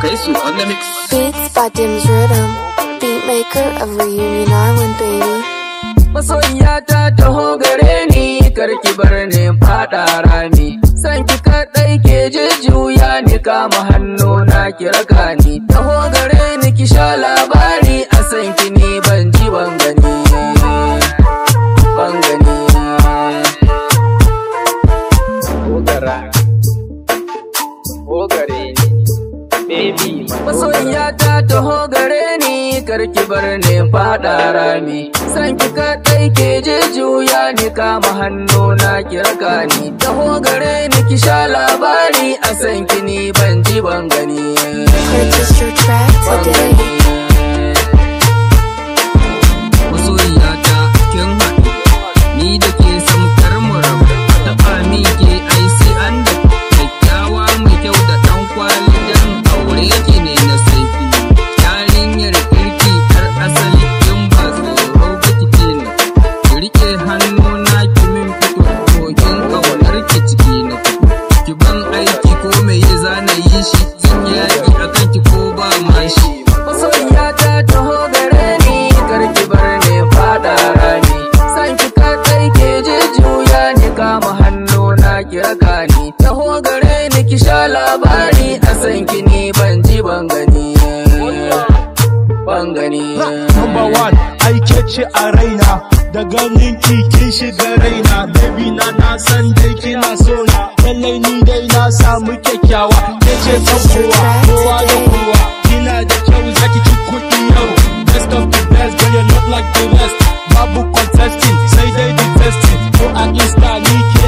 Kaisu Beats by Dim's Rhythm, of Reunion Island, baby. ta taho gare ni, karki bar ni fada rami. San ki kadai ke jujjuya ni kama hannu na ki raga ni. Taho gare ni ki sha labari. yara ni baby masoyiya ta taho gare ni karki bar ne fada rami san ki kadai ke je juya ni kama hannu na kirka ni taho hogare ni ki sha labari a san ki ni ban ji ban gani taho gare ni ki sha labari a san ki ni ban ji ban gani ban gani number one aike ce a raina da ganin ki kin shiga raina baby na na san dai kina so na lallai ni dai na samu kyakkyawa ke ce kowa kowa da kowa kina da kyau zaki ci kuɗi yau best of the best but you look like the rest babu contesting sai dai the testing ko a insta ni ke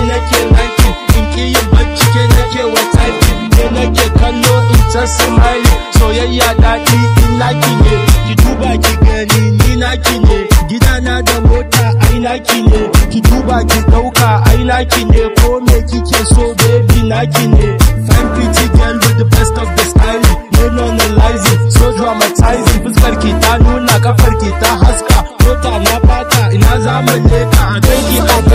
san smiley soyayya daɗi in laki ne ki duba ki gani ni naki ne gidana da mota ai naki ne ki duba ki ɗauka ai naki ne ko me kike so baby laki ne fine pretty girl with the best of the style no normalizing so dramatizing fuskar ki ta nuna kafar ki ta haska mota na fata ina zamani ka dangi a